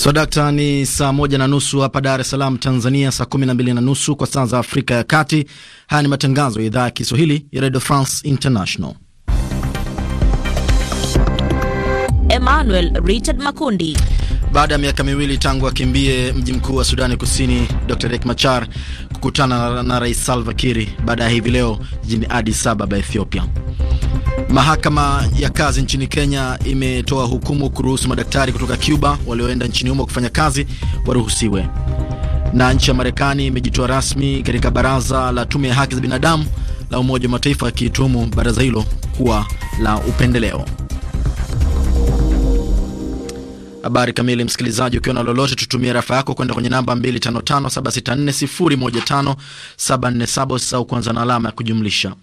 So, dakta, ni saa moja na nusu hapa Dar es Salaam, Tanzania, saa kumi na mbili na nusu kwa saa za Afrika ya Kati. Haya ni matangazo ya idhaa ya Kiswahili ya Radio France International. Emmanuel Richard Makundi. Baada ya miaka miwili tangu akimbie mji mkuu wa Sudani Kusini, Dr Riek Machar kukutana na, na Rais Salva Kiri baada ya hivi leo jijini Addis Ababa, Ethiopia. Mahakama ya kazi nchini Kenya imetoa hukumu kuruhusu madaktari kutoka Cuba walioenda nchini humo kufanya kazi waruhusiwe. Na nchi ya Marekani imejitoa rasmi katika baraza la tume ya haki za binadamu la Umoja wa Mataifa, akiituhumu baraza hilo kuwa la upendeleo. Habari kamili, msikilizaji, ukiwa na lolote, tutumie rafa yako kwenda kwenye namba 255764015747 sau kuanza na alama ya kujumlisha.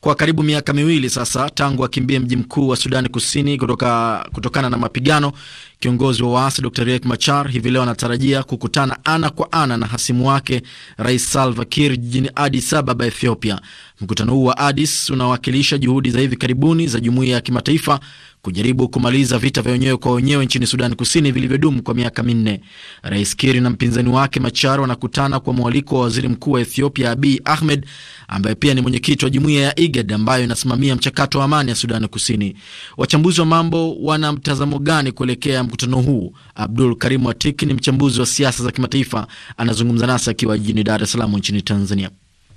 Kwa karibu miaka miwili sasa tangu akimbie mji mkuu wa Sudani Kusini kutoka, kutokana na mapigano, kiongozi wa waasi Dr Riek Machar hivi leo anatarajia kukutana ana kwa ana na hasimu wake Rais Salva Kiir jijini Adis Ababa, Ethiopia. Mkutano huu wa Adis unawakilisha juhudi za hivi karibuni za jumuiya ya kimataifa kujaribu kumaliza vita vya wenyewe kwa wenyewe nchini Sudan Kusini vilivyodumu kwa miaka minne. Rais Kiri na mpinzani wake Machar wanakutana kwa mwaliko wa waziri mkuu wa Ethiopia Abiy Ahmed ambaye pia ni mwenyekiti wa jumuiya ya IGAD ambayo inasimamia mchakato wa amani ya Sudan Kusini. Wachambuzi wa mambo wana mtazamo gani kuelekea mkutano huu? Abdul karimu Watiki ni mchambuzi wa siasa za kimataifa, anazungumza nasi akiwa jijini Dar es Salaam nchini Tanzania.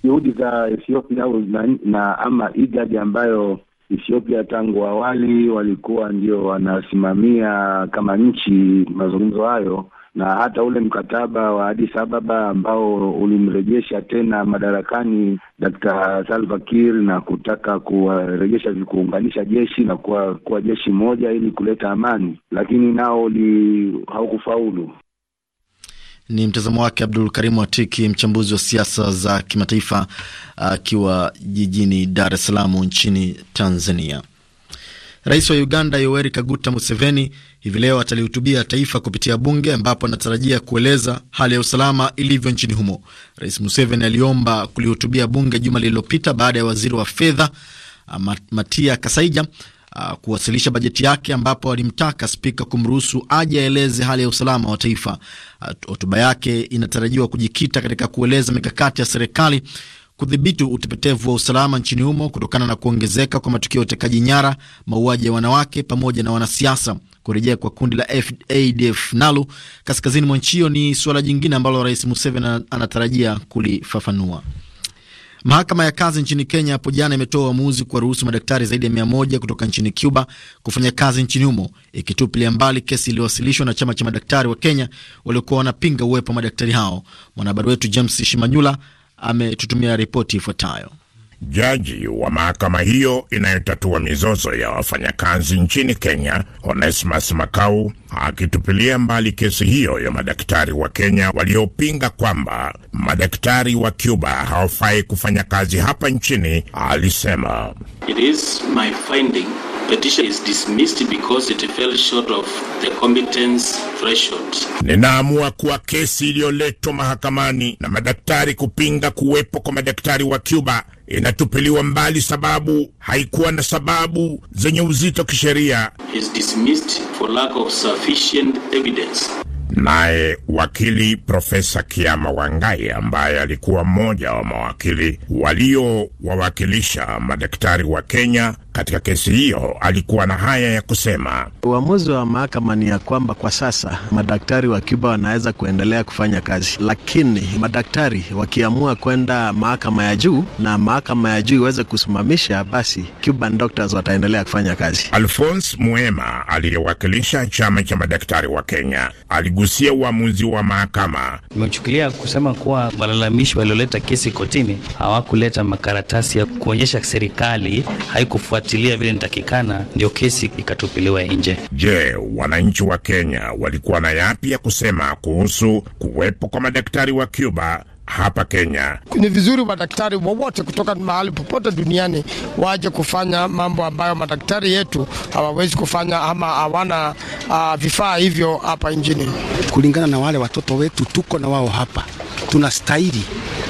Juhudi za Ethiopia na, na ama IGAD ambayo Ethiopia tangu awali walikuwa ndio wanasimamia kama nchi mazungumzo hayo, na hata ule mkataba wa Addis Ababa ambao ulimrejesha tena madarakani dkt Salva Kiir na kutaka kuwarejesha kuunganisha jeshi na kuwa, kuwa jeshi moja ili kuleta amani, lakini nao li haukufaulu. Ni mtazamo wake Abdul Karimu Atiki, mchambuzi wa siasa za kimataifa akiwa jijini Dar es Salaam nchini Tanzania. Rais wa Uganda Yoweri Kaguta Museveni hivi leo atalihutubia taifa kupitia bunge ambapo anatarajia kueleza hali ya usalama ilivyo nchini humo. Rais Museveni aliomba kulihutubia bunge juma lililopita baada ya waziri wa fedha ah, Matia Kasaija ah, kuwasilisha bajeti yake ambapo alimtaka spika kumruhusu aje aeleze hali ya usalama wa taifa. Hotuba yake inatarajiwa kujikita katika kueleza mikakati ya serikali kudhibiti utepetevu wa usalama nchini humo kutokana na kuongezeka kwa matukio ya utekaji nyara, mauaji ya wanawake pamoja na wanasiasa. Kurejea kwa kundi la ADF NALU kaskazini mwa nchi hiyo ni suala jingine ambalo Rais Museveni anatarajia kulifafanua. Mahakama ya kazi nchini Kenya hapo jana imetoa uamuzi kuwaruhusu madaktari zaidi ya mia moja kutoka nchini Cuba kufanya kazi nchini humo, ikitupilia mbali kesi iliyowasilishwa na chama cha madaktari wa Kenya waliokuwa wanapinga uwepo wa madaktari hao. Mwanahabari wetu James Shimanyula ametutumia ripoti ifuatayo. Jaji wa mahakama hiyo inayotatua mizozo ya wafanyakazi nchini Kenya, Onesmus Makau, akitupilia mbali kesi hiyo ya madaktari wa Kenya waliopinga kwamba madaktari wa Cuba hawafai kufanya kazi hapa nchini, alisema It is my finding Ninaamua kuwa kesi iliyoletwa mahakamani na madaktari kupinga kuwepo kwa madaktari wa Cuba inatupiliwa mbali sababu haikuwa na sababu zenye uzito kisheria. Naye wakili Profesa Kiama Wangai, ambaye alikuwa mmoja wa mawakili waliowawakilisha madaktari wa Kenya katika kesi hiyo alikuwa na haya ya kusema. Uamuzi wa mahakama ni ya kwamba kwa sasa madaktari wa Cuba wanaweza kuendelea kufanya kazi, lakini madaktari wakiamua kwenda mahakama ya juu na mahakama ya juu iweze kusimamisha, basi Cuban doctors wataendelea kufanya kazi. Alphonse Muema aliyewakilisha chama cha madaktari wa Kenya aligusia uamuzi wa mahakama. Imechukulia kusema kuwa walalamishi walioleta kesi kotini hawakuleta makaratasi ya kuonyesha serikali haikufuata kufuatilia vile nitakikana, ndio kesi ikatupiliwa nje. Je, wananchi wa Kenya walikuwa na yapi ya kusema kuhusu kuwepo kwa madaktari wa Cuba hapa Kenya. Ni vizuri madaktari wowote kutoka mahali popote duniani waje kufanya mambo ambayo madaktari yetu hawawezi kufanya ama hawana uh, vifaa hivyo hapa nchini. Kulingana na wale watoto wetu tuko na wao hapa, tunastahili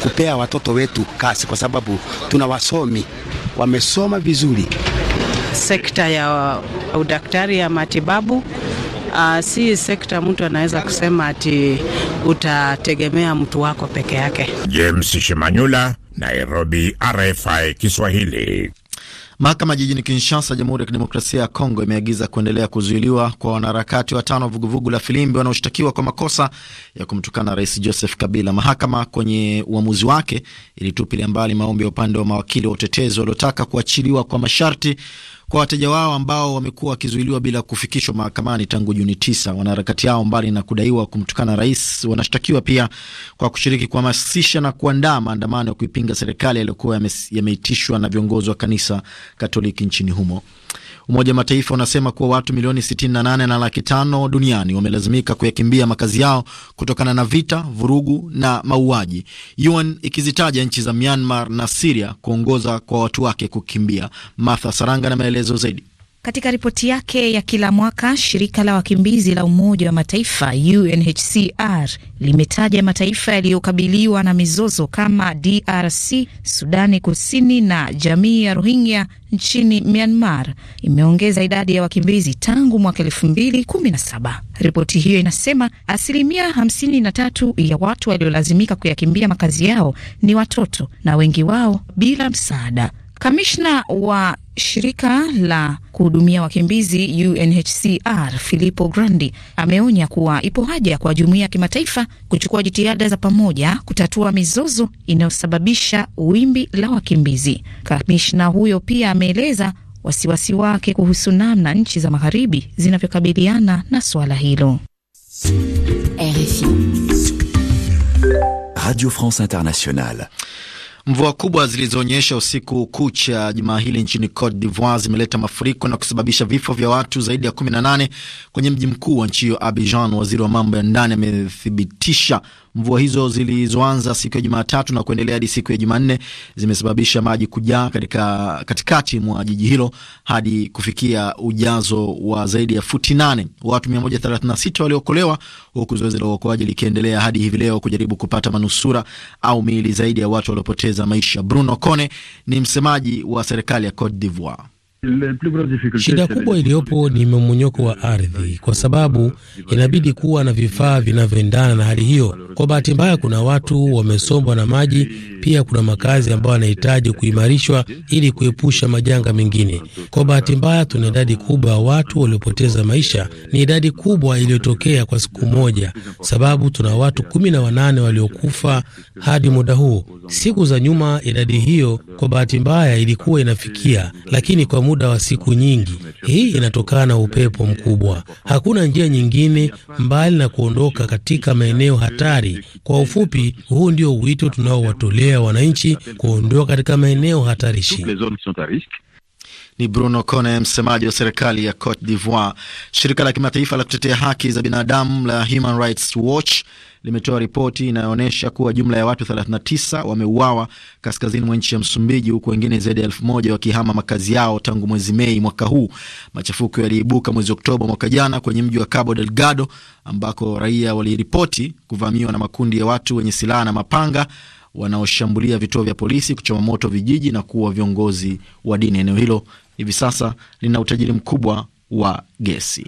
kupea watoto wetu kazi kwa sababu tuna wasomi wamesoma vizuri. Sekta ya udaktari ya matibabu Uh, si sekta mtu anaweza kusema ati utategemea mtu wako peke yake. James Shimanyula, Nairobi, RFI Kiswahili. Mahakama jijini Kinshasa, Jamhuri ya Kidemokrasia ya Kongo imeagiza kuendelea kuzuiliwa kwa wanaharakati watano wa vuguvugu la Filimbi wanaoshtakiwa kwa makosa ya kumtukana Rais Joseph Kabila. Mahakama kwenye uamuzi wake ilitupilia mbali maombi ya upande wa mawakili wa utetezi waliotaka kuachiliwa kwa masharti kwa wateja wao ambao wamekuwa wakizuiliwa bila kufikishwa mahakamani tangu Juni tisa. Wanaharakati hao mbali na kudaiwa kumtukana rais, wanashtakiwa pia kwa kushiriki kuhamasisha na kuandaa maandamano ya kuipinga serikali yaliyokuwa yameitishwa na viongozi wa kanisa Katoliki nchini humo. Umoja wa Mataifa unasema kuwa watu milioni 68 na laki tano duniani wamelazimika kuyakimbia makazi yao kutokana na vita, vurugu na mauaji, UN ikizitaja nchi za Myanmar na Siria kuongoza kwa watu wake kukimbia. Martha Saranga na maelezo zaidi. Katika ripoti yake ya kila mwaka, shirika la wakimbizi la Umoja wa Mataifa UNHCR limetaja mataifa yaliyokabiliwa na mizozo kama DRC, Sudani Kusini na jamii ya Rohingya nchini Myanmar imeongeza idadi ya wakimbizi tangu mwaka saba. Ripoti hiyo inasema asilimia 53 ya watu waliolazimika kuyakimbia makazi yao ni watoto na wengi wao bila msaada. Kamishna wa shirika la kuhudumia wakimbizi UNHCR Filippo Grandi ameonya kuwa ipo haja kwa jumuiya ya kimataifa kuchukua jitihada za pamoja kutatua mizozo inayosababisha wimbi la wakimbizi. Kamishna huyo pia ameeleza wasiwasi wake kuhusu namna nchi za magharibi zinavyokabiliana na suala hilo. RFI Radio France Internationale. Mvua kubwa zilizoonyesha usiku kucha jumaa hili nchini Cote d'Ivoire zimeleta mafuriko na kusababisha vifo vya watu zaidi ya 18 kwenye mji mkuu wa nchi hiyo Abidjan. Waziri wa mambo ya ndani amethibitisha Mvua hizo zilizoanza siku ya Jumatatu na kuendelea hadi siku ya Jumanne zimesababisha maji kujaa katika katikati mwa jiji hilo hadi kufikia ujazo wa zaidi ya futi nane. Watu 136 waliokolewa huku zoezi la uokoaji likiendelea hadi hivi leo kujaribu kupata manusura au miili zaidi ya watu waliopoteza maisha. Bruno Kone ni msemaji wa serikali ya Cote d'Ivoire. Shida kubwa iliyopo ni mmomonyoko wa ardhi, kwa sababu inabidi kuwa na vifaa vinavyoendana na hali hiyo. Kwa bahati mbaya, kuna watu wamesombwa na maji, pia kuna makazi ambayo yanahitaji kuimarishwa ili kuepusha majanga mengine. Kwa bahati mbaya, tuna idadi kubwa ya watu waliopoteza maisha, ni idadi kubwa iliyotokea kwa siku moja, sababu tuna watu kumi na wanane waliokufa hadi muda huu. Siku za nyuma idadi hiyo kwa bahati mbaya ilikuwa inafikia, lakini kwa muda wa siku nyingi. Hii inatokana na upepo mkubwa. Hakuna njia nyingine mbali na kuondoka katika maeneo hatari. Kwa ufupi, huu ndio wito tunaowatolea wananchi kuondoka katika maeneo hatarishi. Ni Bruno Kone, msemaji wa serikali ya Cote d'Ivoire. Shirika la kimataifa la kutetea haki za binadamu la Human Rights Watch limetoa ripoti inayoonyesha kuwa jumla ya watu 39 wameuawa kaskazini mwa nchi ya Msumbiji, huku wengine zaidi ya elfu moja wakihama makazi yao tangu mwezi Mei mwaka huu. Machafuko yaliibuka mwezi Oktoba mwaka jana kwenye mji wa Cabo Delgado ambako raia waliripoti kuvamiwa na makundi ya watu wenye silaha na mapanga wanaoshambulia vituo vya polisi, kuchoma moto vijiji na kuua viongozi wa dini. Eneo hilo hivi sasa lina utajiri mkubwa wa gesi.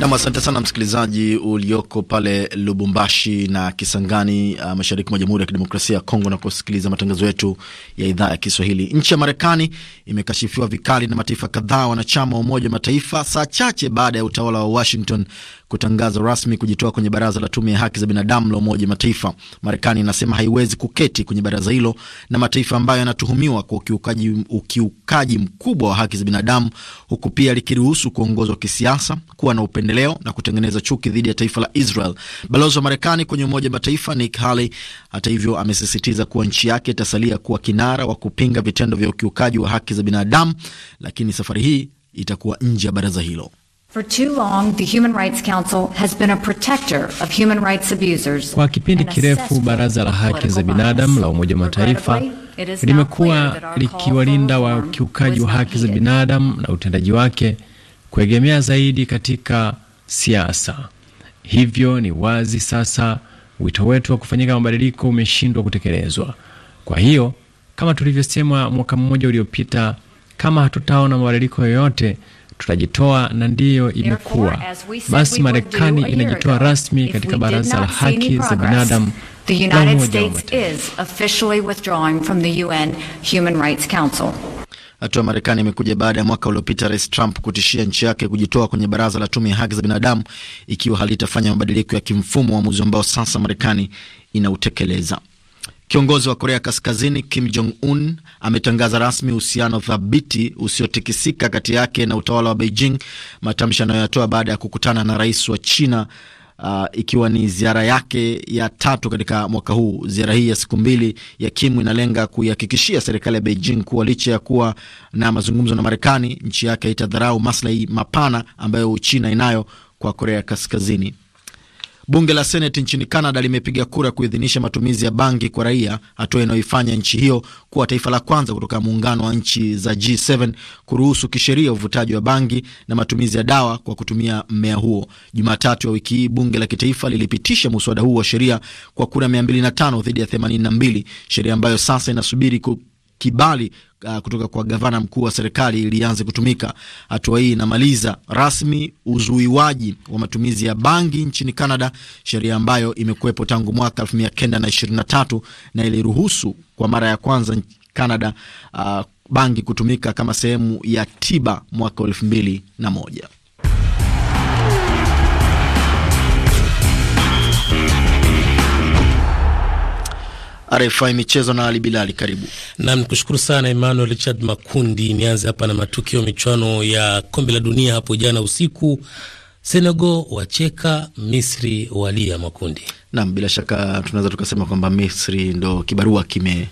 Nam, asante sana msikilizaji ulioko pale Lubumbashi na Kisangani, uh, mashariki mwa Jamhuri ya Kidemokrasia ya Kongo na kusikiliza matangazo yetu ya idhaa ya Kiswahili. Nchi ya Marekani imekashifiwa vikali na mataifa kadhaa wanachama wa Umoja wa Mataifa saa chache baada ya utawala wa Washington kutangaza rasmi kujitoa kwenye baraza la tume ya haki za binadamu la Umoja Mataifa. Marekani inasema haiwezi kuketi kwenye baraza hilo na mataifa ambayo yanatuhumiwa kwa ukiukaji, ukiukaji mkubwa wa haki za binadamu, huku pia likiruhusu kuongozwa kisiasa, kuwa na upendeleo na kutengeneza chuki dhidi ya taifa la Israel. Balozi wa Marekani kwenye Umoja Mataifa Nick Haley, hata hivyo, amesisitiza kuwa nchi yake itasalia kuwa kinara wa kupinga vitendo vya ukiukaji wa haki za binadamu, lakini safari hii itakuwa nje ya baraza hilo. Kwa kipindi kirefu baraza la haki za binadamu la Umoja wa Mataifa limekuwa likiwalinda wakiukaji wa haki za binadamu na utendaji wake kuegemea zaidi katika siasa. Hivyo ni wazi sasa wito wetu wa kufanyika mabadiliko umeshindwa kutekelezwa. Kwa hiyo kama tulivyosema mwaka mmoja uliopita, kama hatutaona mabadiliko yoyote tutajitoa na ndiyo imekuwa. Basi Marekani inajitoa rasmi katika Baraza la Haki za Binadamu la Umoja wa Mataifa. Hatua Marekani imekuja baada ya mwaka uliopita Rais Trump kutishia nchi yake kujitoa kwenye baraza la tume ya haki za binadamu ikiwa halitafanya mabadiliko ya kimfumo, uamuzi ambao sasa Marekani inautekeleza. Kiongozi wa Korea Kaskazini Kim Jong Un ametangaza rasmi uhusiano thabiti usiotikisika kati yake na utawala wa Beijing, matamshi anayoyatoa baada ya kukutana na rais wa China Uh, ikiwa ni ziara yake ya tatu katika mwaka huu. Ziara hii ya siku mbili ya Kim inalenga kuihakikishia serikali ya Beijing kuwa licha ya kuwa na mazungumzo na Marekani, nchi yake haitadharau maslahi mapana ambayo china inayo kwa Korea Kaskazini. Bunge la Seneti nchini Canada limepiga kura kuidhinisha matumizi ya bangi kwa raia, hatua inayoifanya nchi hiyo kuwa taifa la kwanza kutoka muungano wa nchi za G7 kuruhusu kisheria uvutaji wa bangi na matumizi ya dawa kwa kutumia mmea huo. Jumatatu ya wiki hii bunge la kitaifa lilipitisha muswada huu wa sheria kwa kura 205 dhidi ya 82, sheria ambayo sasa inasubiri kibali uh, kutoka kwa gavana mkuu wa serikali ilianze kutumika. Hatua hii inamaliza rasmi uzuiwaji wa matumizi ya bangi nchini Canada, sheria ambayo imekuwepo tangu mwaka 1923 na iliruhusu kwa mara ya kwanza Canada uh, bangi kutumika kama sehemu ya tiba mwaka 2001. RFI Michezo na Ali Bilali, karibu nam. Nikushukuru sana Emmanuel Richard Makundi. Nianze hapa na matukio michuano ya kombe la dunia hapo jana usiku, Senegal wacheka Misri, walia Makundi. Nam, bila shaka tunaweza tukasema kwamba Misri ndo kibarua kime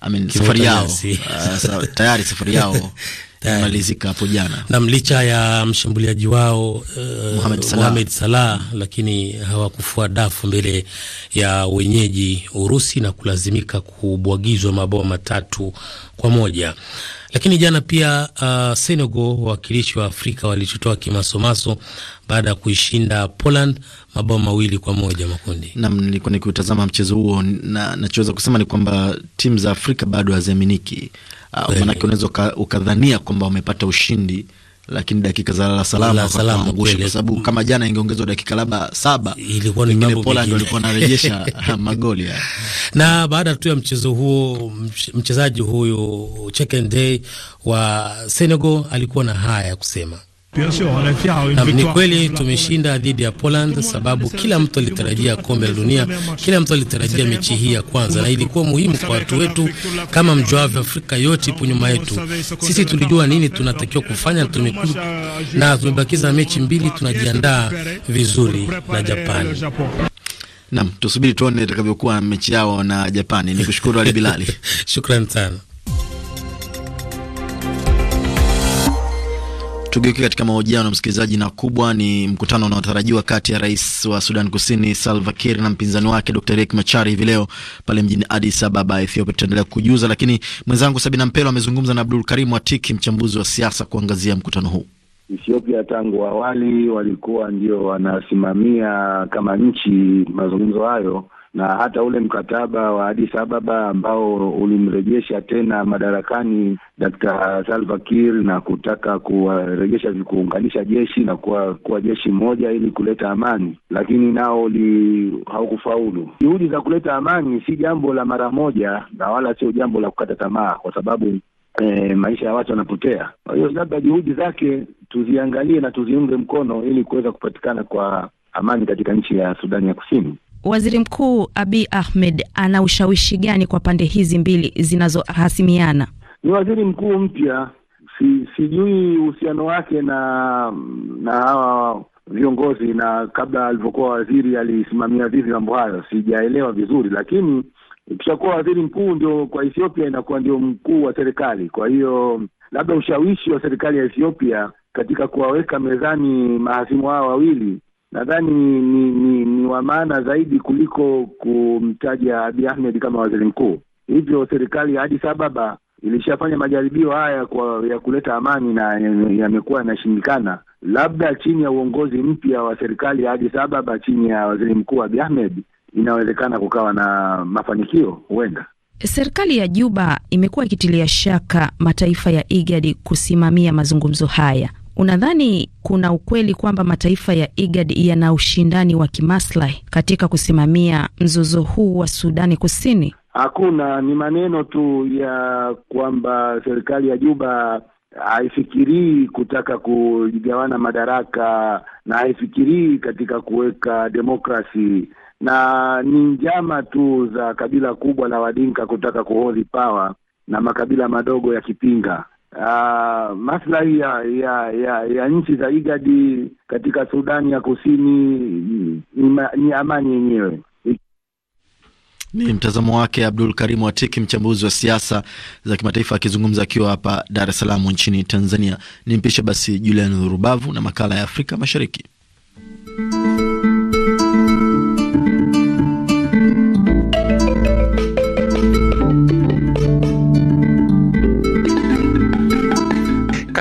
I mean, safari yao uh, tayari safari yao Eh. malizika hapo jana. Naam, licha ya mshambuliaji wao uh, Mohamed Salah, Mohamed Salah lakini hawakufua dafu mbele ya wenyeji Urusi na kulazimika kubwagizwa mabao matatu kwa moja. Lakini jana pia uh, Senegal wawakilishi wa Afrika walichotoa kimasomaso baada ya kuishinda Poland mabao mawili kwa moja makundi. Naam, nilikuwa nikiutazama mchezo huo na nachoweza kusema ni kwamba timu za Afrika bado haziaminiki uh, ah, manake unaweza ukadhania kwamba wamepata ushindi lakini dakika za lala salama kwa sababu mm. kama jana ingeongezwa dakika labda saba ilikuwa ni Poland walikuwa wanarejesha magoli. Na baada tu ya mchezo huo, mchezaji huyu Chekende wa Senegal alikuwa na haya ya kusema. Ni kweli tumeshinda dhidi ya Poland, sababu kila mtu alitarajia kombe la dunia, kila mtu alitarajia mechi hii ya kwanza, na ilikuwa muhimu kwa watu wetu. Kama mjuavyo, Afrika yote ipo nyuma yetu. Sisi tulijua nini tunatakiwa kufanya, tumekuja na tumebakiza mechi mbili, tunajiandaa vizuri na Japani. Nam, tusubiri tuone itakavyokuwa mechi yao na Japani. Ni kushukuru Ali Bilali, shukran sana. Tugeuke katika mahojiano msikilizaji, na kubwa ni mkutano unaotarajiwa kati ya rais wa Sudan Kusini Salva Kiir na mpinzani wake Dr Riek Machar hivi leo pale mjini Addis Ababa, Ethiopia. Tutaendelea kujuza, lakini mwenzangu Sabina Mpelo amezungumza na Abdul Karim Watiki, mchambuzi wa siasa, kuangazia mkutano huu. Ethiopia tangu awali walikuwa ndio wanasimamia kama nchi mazungumzo hayo na hata ule mkataba wa Addis Ababa ambao ulimrejesha tena madarakani dkt Salva Kiir na kutaka kuwarejesha kuunganisha jeshi na kuwa, kuwa jeshi moja ili kuleta amani, lakini nao li haukufaulu. Juhudi za kuleta amani si jambo la mara moja na wala sio jambo la kukata tamaa, kwa sababu E, maisha ya watu yanapotea. Kwa hiyo labda juhudi zake tuziangalie na tuziunge mkono ili kuweza kupatikana kwa amani katika nchi ya Sudani ya Kusini. Waziri Mkuu abi Ahmed ana ushawishi gani kwa pande hizi mbili zinazohasimiana? Ni waziri mkuu mpya, si sijui uhusiano wake na na hawa viongozi na kabla alivyokuwa waziri alisimamia vipi mambo hayo, sijaelewa vizuri, lakini ukishakuwa waziri mkuu ndio kwa Ethiopia inakuwa ndio mkuu wa serikali. Kwa hiyo labda ushawishi wa serikali ya Ethiopia katika kuwaweka mezani mahasimu hao wawili nadhani ni, ni, ni, wa maana zaidi kuliko kumtaja abi Ahmed kama waziri mkuu. Hivyo serikali ya Addis Ababa ilishafanya majaribio haya kwa ya kuleta amani na yamekuwa yanashindikana, labda chini ya uongozi mpya wa serikali ya Addis Ababa chini ya waziri mkuu abi Ahmed inawezekana kukawa na mafanikio huenda. Serikali ya Juba imekuwa ikitilia shaka mataifa ya IGAD kusimamia mazungumzo haya. Unadhani kuna ukweli kwamba mataifa ya IGAD yana ushindani wa kimaslahi katika kusimamia mzozo huu wa Sudani Kusini? Hakuna, ni maneno tu ya kwamba serikali ya Juba haifikirii kutaka kugawana madaraka na haifikirii katika kuweka demokrasi na ni njama tu za kabila kubwa la Wadinka kutaka kuhodhi pawa na makabila madogo ya kipinga uh, maslahi ya ya ya, ya nchi za igadi katika Sudani ya Kusini ni, ni amani yenyewe. Ni mtazamo wake Abdul Karimu Atiki, mchambuzi wa siasa za kimataifa, akizungumza akiwa hapa Dar es Salaam nchini Tanzania. Ni mpishe basi Julian Rubavu na makala ya Afrika Mashariki.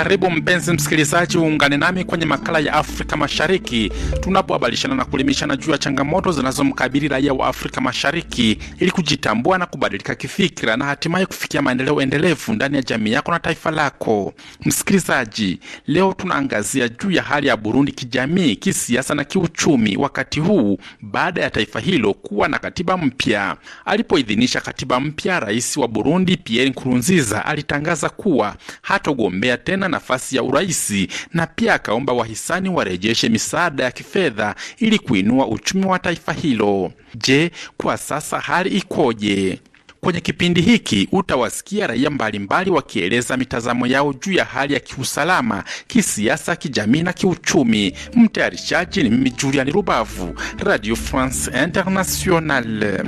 Karibu mpenzi msikilizaji, uungane nami kwenye makala ya Afrika Mashariki tunapohabarishana na kulimishana juu ya changamoto zinazomkabili raia wa Afrika Mashariki ili kujitambua na kubadilika kifikira na hatimaye kufikia maendeleo endelevu ndani ya jamii yako na taifa lako. Msikilizaji, leo tunaangazia juu ya hali ya Burundi kijamii, kisiasa na kiuchumi, wakati huu baada ya taifa hilo kuwa na katiba mpya. Alipoidhinisha katiba mpya, rais wa Burundi Pierre Nkurunziza alitangaza kuwa hatogombea tena nafasi ya uraisi na pia akaomba wahisani warejeshe misaada ya kifedha ili kuinua uchumi wa taifa hilo. Je, kwa sasa hali ikoje? Kwenye kipindi hiki utawasikia raia mbalimbali wakieleza mitazamo yao juu ya hali ya kiusalama, kisiasa, kijamii na kiuchumi. Mtayarishaji ni mimi Juliani Rubavu, Radio France Internationale.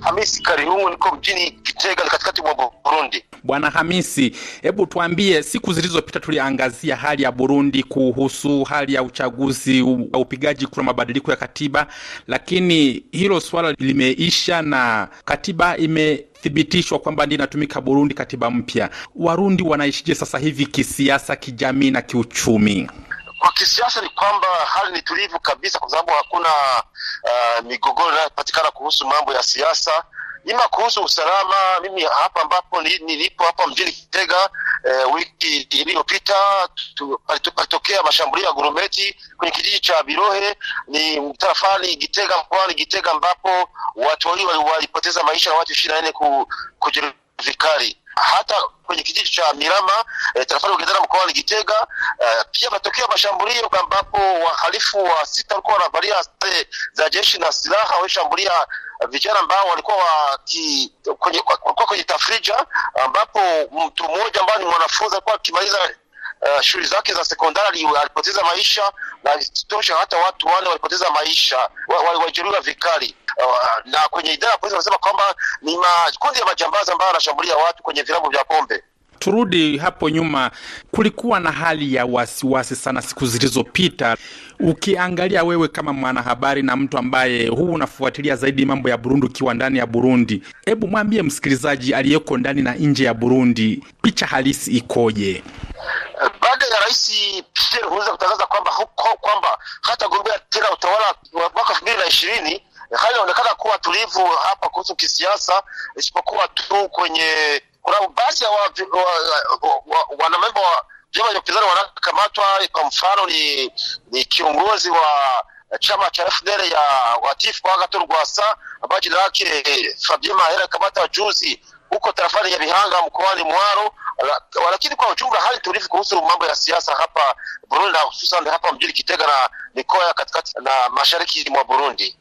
Hamisi Kariungu, niko mjini kitega katikati mwa Burundi. Bwana Hamisi, hebu tuambie, siku zilizopita tuliangazia hali ya Burundi kuhusu hali ya uchaguzi wa upigaji kura, mabadiliko ya katiba, lakini hilo swala limeisha na katiba ime thibitishwa kwamba ndiyo inatumika Burundi, katiba mpya. Warundi wanaishije sasa hivi kisiasa, kijamii na kiuchumi? Kwa kisiasa ni kwamba hali ni tulivu kabisa, kwa sababu hakuna uh, migogoro inayopatikana kuhusu mambo ya siasa ima kuhusu usalama. Mimi hapa ambapo nilipo hapa mjini Kitega, eh, uh, wiki iliyopita palitokea mashambulio ya gurumeti kwenye kijiji cha Birohe ni mtarafani Gitega mkoani Gitega ambapo watu wawili walipoteza maisha na watu ishirini na nne kujeruhi vikali hata kwenye kijiji cha Mirama e, tarafani mkoa wa Gitega. e, pia matokeo mashambulio ambapo wahalifu wa sita walikuwa wanavalia sare za jeshi na silaha walishambulia vijana ambao walikuwa ki, kwenye, walikuwa kwenye tafrija ambapo mtu mmoja ambaye ni mwanafunzi alikuwa akimaliza Uh, shughuli zake za sekondari alipoteza maisha, na isitosha hata watu wane walipoteza maisha, walijeruhiwa wa, wa vikali. Uh, na kwenye idara ya polisi wanasema kwamba ni makundi ya majambazi ambayo wanashambulia watu kwenye vilabu vya pombe. Turudi hapo nyuma, kulikuwa na hali ya wasiwasi wasi sana siku zilizopita. Ukiangalia wewe kama mwanahabari na mtu ambaye huu unafuatilia zaidi mambo ya Burundi ukiwa ndani ya Burundi, hebu mwambie msikilizaji aliyeko ndani na nje ya Burundi, picha halisi ikoje? Baada ya Rais Pierre Nkurunziza kutangaza kwamba kwamba gombea tena utawala wa mwaka elfu mbili na ishirini hali inaonekana kuwa tulivu hapa kuhusu kisiasa, isipokuwa tu kwenye kuna baadhi ya wanamemba wa vyama vya upinzani wanakamatwa. Kwa mfano ni, ni kiongozi wa chama cha FDL ya Watifu wa Agathon Rwasa ambaye jina lake Fabien Mahera kamata juzi huko tarafani ya Bihanga mkoani Mwaro. Lakini kwa ujumla hali tulivu kuhusu mambo ya siasa hapa Burundi na hususan hapa mjini Kitega na mikoa ya katikati na mashariki mwa Burundi.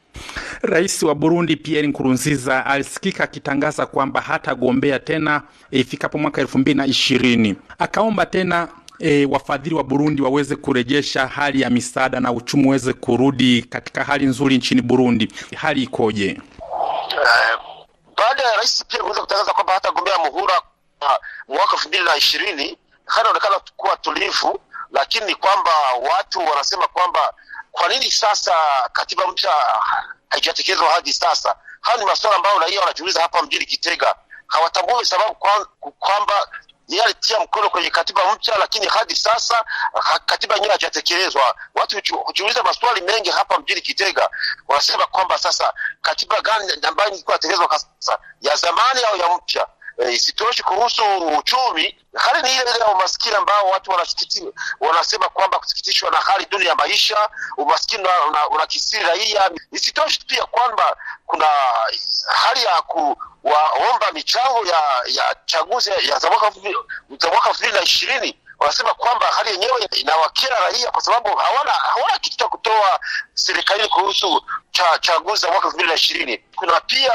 Rais wa Burundi Pierre Nkurunziza alisikika akitangaza kwamba hatagombea tena ifikapo mwaka elfu mbili na ishirini. Akaomba tena E, wafadhili wa Burundi waweze kurejesha hali ya misaada na uchumi uweze kurudi katika hali nzuri nchini Burundi. Hali ikoje? Uh, baada ya rais pia kuweza kutangaza kwamba hatagombea muhula uh, mwaka elfu mbili na ishirini hali inaonekana kuwa tulivu, lakini kwamba watu wanasema kwamba kwa nini sasa katiba mpya haijatekelezwa hadi sasa? Hayo ni masuala ambayo raia wanajiuliza hapa mjini Kitega. Hawatambui sababu kwamba yeye alitia mkono kwenye katiba mpya, lakini hadi sasa katiba yenyewe haijatekelezwa. Watu hujiuliza maswali mengi hapa mjini Kitega, wanasema kwamba sasa katiba gani ambayo ilikuwa inatekelezwa sasa, ya zamani au ya mpya? Eh, isitoshe, kuhusu uchumi, hali ni ile ya umaskini ambao watu wanasikiti, wanasema kwamba kusikitishwa na hali duni ya maisha, umaskini unakisiri una, una raia. Isitoshe pia kwamba kuna hali ya kuwaomba michango ya, ya chaguzi ya za mwaka elfu mbili na ishirini wanasema kwamba hali yenyewe inawakera raia kwa sababu hawana hawana kitu cha kutoa serikalini kuhusu cha chaguzi za mwaka elfu mbili na ishirini. Kuna pia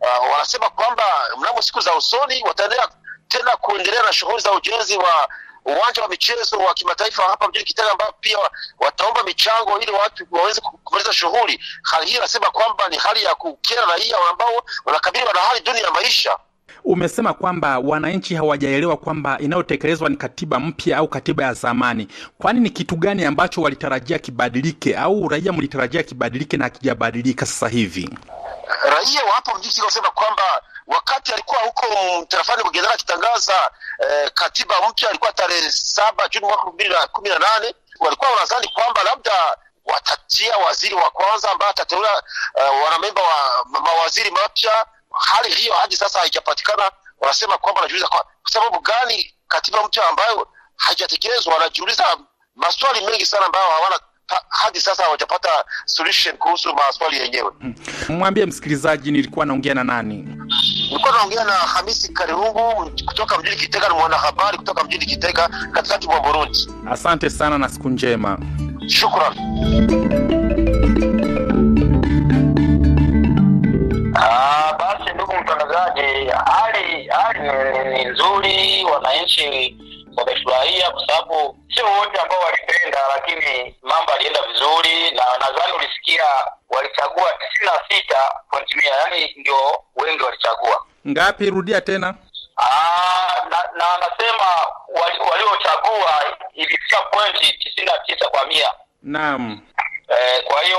uh, wanasema kwamba mnamo siku za usoni wataendelea tena kuendelea na shughuli za ujenzi wa uwanja wa michezo wa kimataifa hapa mjini Kitega, ambao pia wataomba michango ili watu waweze kumaliza shughuli. Hali hii inasema kwamba ni hali ya kukera raia ambao wanakabiliwa na hali duni ya maisha umesema kwamba wananchi hawajaelewa kwamba inayotekelezwa ni katiba mpya au katiba ya zamani. Kwani ni kitu gani ambacho walitarajia kibadilike au raia mlitarajia kibadilike na hakijabadilika sasa hivi? Raia wapo mjini kusema kwamba wakati alikuwa huko tarafani Bugendera akitangaza eh, katiba mpya alikuwa tarehe saba Juni mwaka elfu mbili na kumi na nane walikuwa wanadhani kwamba labda watatia waziri wa kwanza ambaye atateula uh, eh, wanamemba wa mawaziri mapya hali hiyo hadi sasa haijapatikana. Wanasema kwamba wanajiuliza kwa kwa sababu gani katiba mpya ambayo haijatekelezwa. Wanajiuliza maswali mengi sana ambayo hawana hadi sasa hawajapata solution kuhusu maswali yenyewe. Mm. Mwambie msikilizaji, nilikuwa naongea na nani? Nilikuwa naongea na Hamisi Karihungu kutoka mjini Kitega, ni mwanahabari kutoka mjini Kitega katikati mwa Burundi. Asante sana na siku njema. Shukrani. Ah, basi ndugu mtangazaji, hali hali ni nzuri, wananchi wamefurahia kwa sababu sio wote ambao walipenda, lakini mambo alienda vizuri, na nadhani ulisikia walichagua tisini na sita pointi mia, yani ndio wengi walichagua ngapi? Rudia tena. Aa, ah, na, na waliochagua ilifika pointi tisini na tisa kwa mia. Naam. Eh, kwa hiyo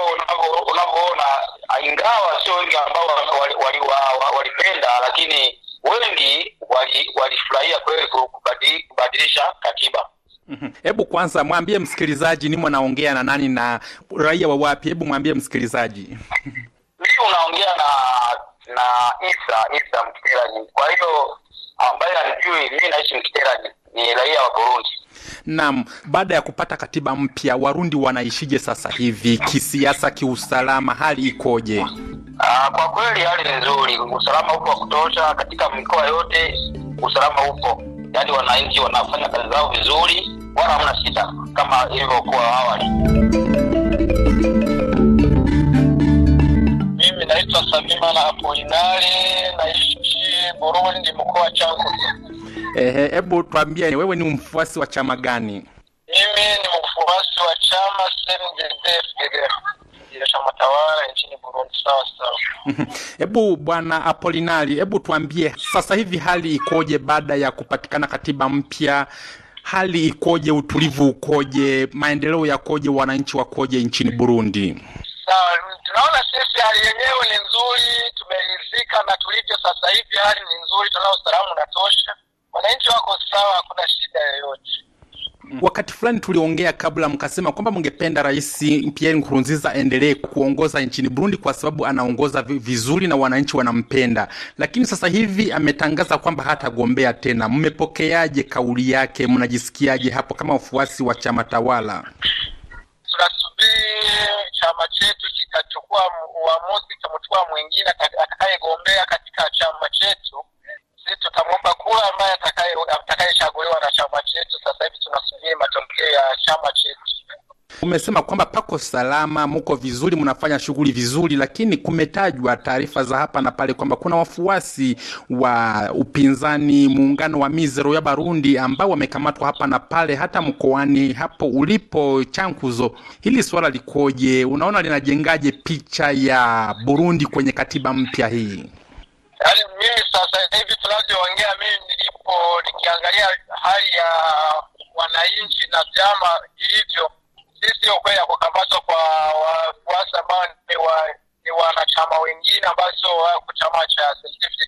unavyoona, ingawa sio wengi ambao walipenda lakini wengi walifurahia wali kweli kubadilisha katiba. Mhm. Hebu kwanza mwambie msikilizaji nimo naongea na nani na raia wa wapi? Hebu mwambie msikilizaji. mi unaongea na na Isa Isa Mkiteraji. Kwa hiyo ambaye anijui, mimi naishi Mkiteraji ni raia wa Burundi. Naam, baada ya kupata katiba mpya Warundi wanaishije sasa hivi kisiasa, kiusalama, hali ikoje? Aa, ah, kwa kweli hali ni nzuri, usalama upo wa kutosha katika mikoa yote, usalama upo, yaani wananchi wanafanya kazi zao vizuri, wala hamna shida kama ilivyokuwa awali. Mimi naitwa Samima na Apolinari, naishi Burundi, mkoa wa Chankuzo. Ehe, hebu tuambie wewe ni mfuasi wa chama gani? Mimi ni mfuasi wa chama cndd chama tawala nchini Burundi. Sawa sawa. Hebu bwana Apolinari, hebu tuambie sasa hivi hali ikoje baada ya kupatikana katiba mpya? Hali ikoje? Utulivu ukoje? Maendeleo yakoje? Wananchi wakoje nchini Burundi? Sawa, tunaona sisi hali yenyewe ni nzuri, tumeridhika na tulivyo sasa hivi. Hali ni nzuri, tunao salamu na tosha wananchi wako sawa, hakuna shida yoyote. Hmm. Wakati fulani tuliongea kabla, mkasema kwamba mngependa Rais Pierre Nkurunziza aendelee kuongoza nchini Burundi kwa sababu anaongoza vizuri na wananchi wanampenda, lakini sasa hivi ametangaza kwamba hatagombea tena. Mmepokeaje kauli yake? Mnajisikiaje hapo kama wafuasi wa chama tawala? Tunasubiri chama chetu kitachukua uamuzi, kitamchukua mwingine atakayegombea katika chama chetu tutamwomba kura ambaye atakayechaguliwa na chama chetu. Sasa hivi tunasubiri matokeo ya chama chetu. Umesema kwamba pako salama, muko vizuri, mnafanya shughuli vizuri, lakini kumetajwa taarifa za hapa na pale kwamba kuna wafuasi wa upinzani muungano wa Mizero ya Barundi ambao wamekamatwa hapa na pale, hata mkoani hapo ulipo Chankuzo. Hili swala likoje? Unaona linajengaje picha ya Burundi kwenye katiba mpya hii? Yaani mimi sasa hivi tunavyoongea, mimi nilipo nikiangalia hali ya wananchi na vyama ilivyo, sisi ukweli yakukambatwa kwa wafuasi ambao ni wanachama wengine sio wako chama cha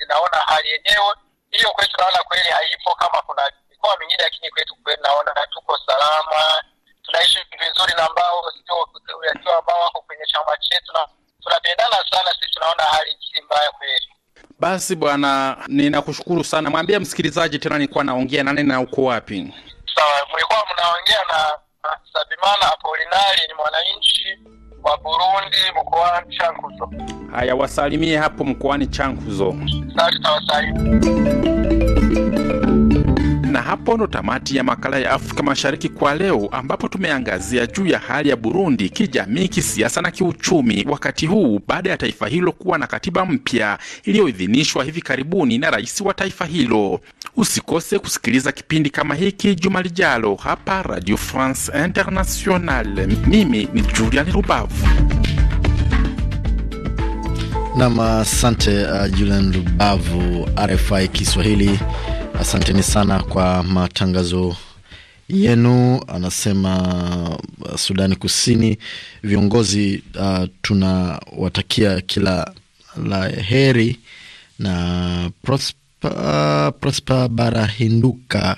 inaona naona hali yenyewe hiyo kwetu naona kweli haipo kama kuna mikoa mingine, lakini kwetu kweli naona tuko salama, tunaishi vizuri na ambao sio ambao wako kwenye chama chetu na tunapendana sana sisi, tunaona hali si mbaya kweli. Basi bwana, ninakushukuru sana. Mwambie msikilizaji tena nilikuwa naongea nani na uko wapi? Sawa, mlikuwa mnaongea na Sabimana Apolinari, ni mwananchi wa Burundi, mkoani Chankuzo. Haya, wasalimie hapo mkoani Chankuzo. Sawa, tutawasalimia. Na hapo ndo tamati ya makala ya Afrika Mashariki kwa leo, ambapo tumeangazia juu ya hali ya Burundi kijamii, kisiasa na kiuchumi wakati huu baada ya taifa hilo kuwa na katiba mpya iliyoidhinishwa hivi karibuni na rais wa taifa hilo. Usikose kusikiliza kipindi kama hiki juma lijalo hapa Radio France international Mimi ni Julian Rubavu. Nam, asante uh, Julian Rubavu, RFI Kiswahili. Asanteni sana kwa matangazo yenu, anasema uh, Sudani Kusini. Viongozi uh, tunawatakia kila la heri na Prosper, uh, Prosper Barahinduka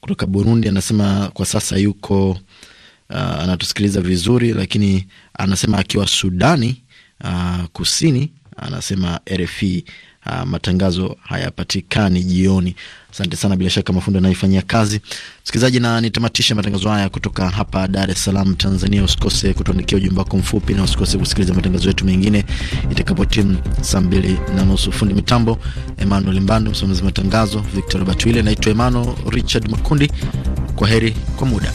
kutoka Burundi anasema kwa sasa yuko uh, anatusikiliza vizuri, lakini anasema akiwa Sudani uh, Kusini, anasema RFI uh, matangazo hayapatikani jioni. Asante sana, bila shaka mafundi anaifanyia kazi msikilizaji, na nitamatisha matangazo haya kutoka hapa Dar es Salaam, Tanzania. Usikose kutuandikia ujumbe wako mfupi na usikose kusikiliza matangazo yetu mengine itakapotimu saa mbili na nusu. Fundi mitambo Emmanuel Mbando, msimamizi matangazo Victor Batwile. Naitwa Emmanuel Richard Makundi. Kwa heri kwa muda.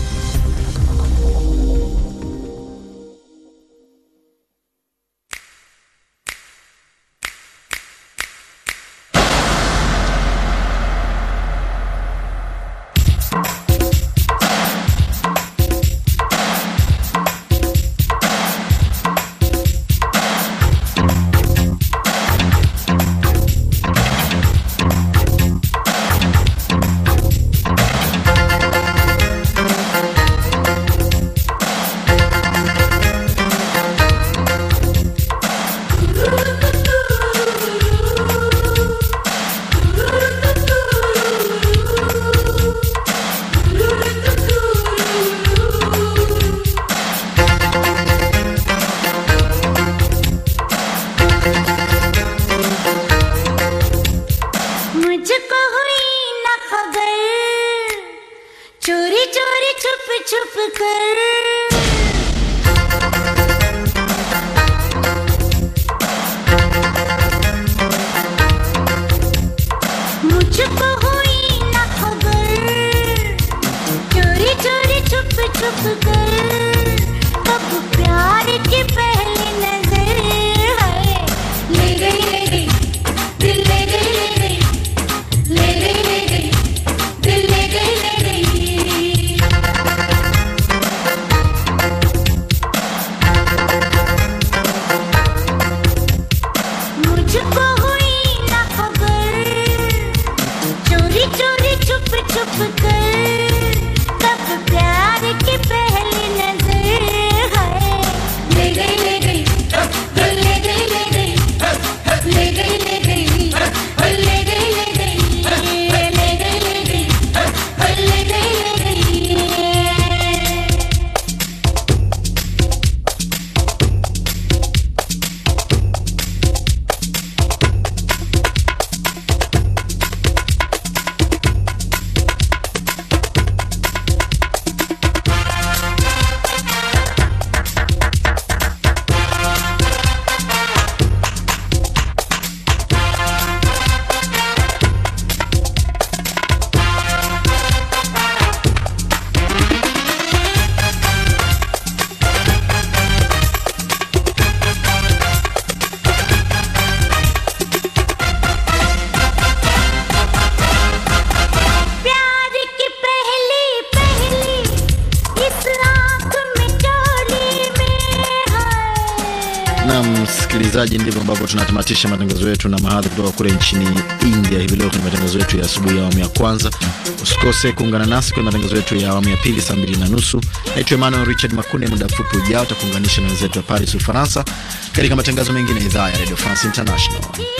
प्यार के पहले tunatamatisha matangazo yetu na mahadhi kutoka kule nchini India hivi leo kwenye matangazo yetu ya asubuhi ya awamu ya kwanza. Usikose kuungana nasi kwenye matangazo yetu ya awamu ya pili saa mbili na nusu. Naitwa Emmanuel Richard Makune. Muda mfupi ujao takuunganisha na wenzetu wa Paris, Ufaransa, katika matangazo mengine ya idhaa ya Radio France International.